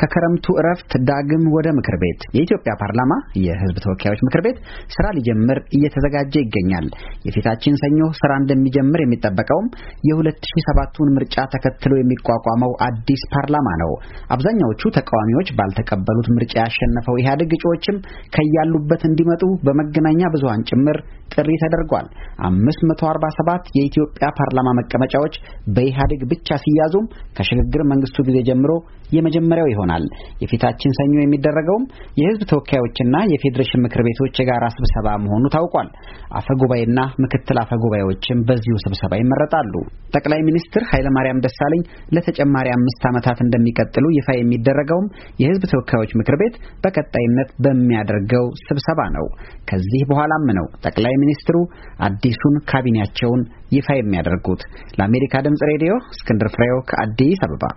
ከክረምቱ እረፍት ዳግም ወደ ምክር ቤት የኢትዮጵያ ፓርላማ የሕዝብ ተወካዮች ምክር ቤት ስራ ሊጀምር እየተዘጋጀ ይገኛል። የፊታችን ሰኞ ስራ እንደሚጀምር የሚጠበቀውም የ2007ቱን ምርጫ ተከትሎ የሚቋቋመው አዲስ ፓርላማ ነው። አብዛኛዎቹ ተቃዋሚዎች ባልተቀበሉት ምርጫ ያሸነፈው ኢህአዴግ እጩዎችም ከያሉበት እንዲመጡ በመገናኛ ብዙኃን ጭምር ጥሪ ተደርጓል። 547 የኢትዮጵያ ፓርላማ መቀመጫዎች በኢህአዴግ ብቻ ሲያዙም ከሽግግር መንግስቱ ጊዜ ጀምሮ የመጀመሪያው ይሆናል። የፊታችን ሰኞ የሚደረገውም የህዝብ ተወካዮችና የፌዴሬሽን ምክር ቤቶች የጋራ ስብሰባ መሆኑ ታውቋል። አፈጉባኤና ምክትል አፈጉባኤዎችም በዚሁ ስብሰባ ይመረጣሉ። ጠቅላይ ሚኒስትር ኃይለማርያም ደሳለኝ ለተጨማሪ አምስት ዓመታት እንደሚቀጥሉ ይፋ የሚደረገውም የህዝብ ተወካዮች ምክር ቤት በቀጣይነት በሚያደርገው ስብሰባ ነው። ከዚህ በኋላም ነው ጠቅላይ ሚኒስትሩ አዲስ አዲሱን ካቢኔያቸውን ይፋ የሚያደርጉት። ለአሜሪካ ድምፅ ሬዲዮ እስክንድር ፍሬው ከአዲስ አበባ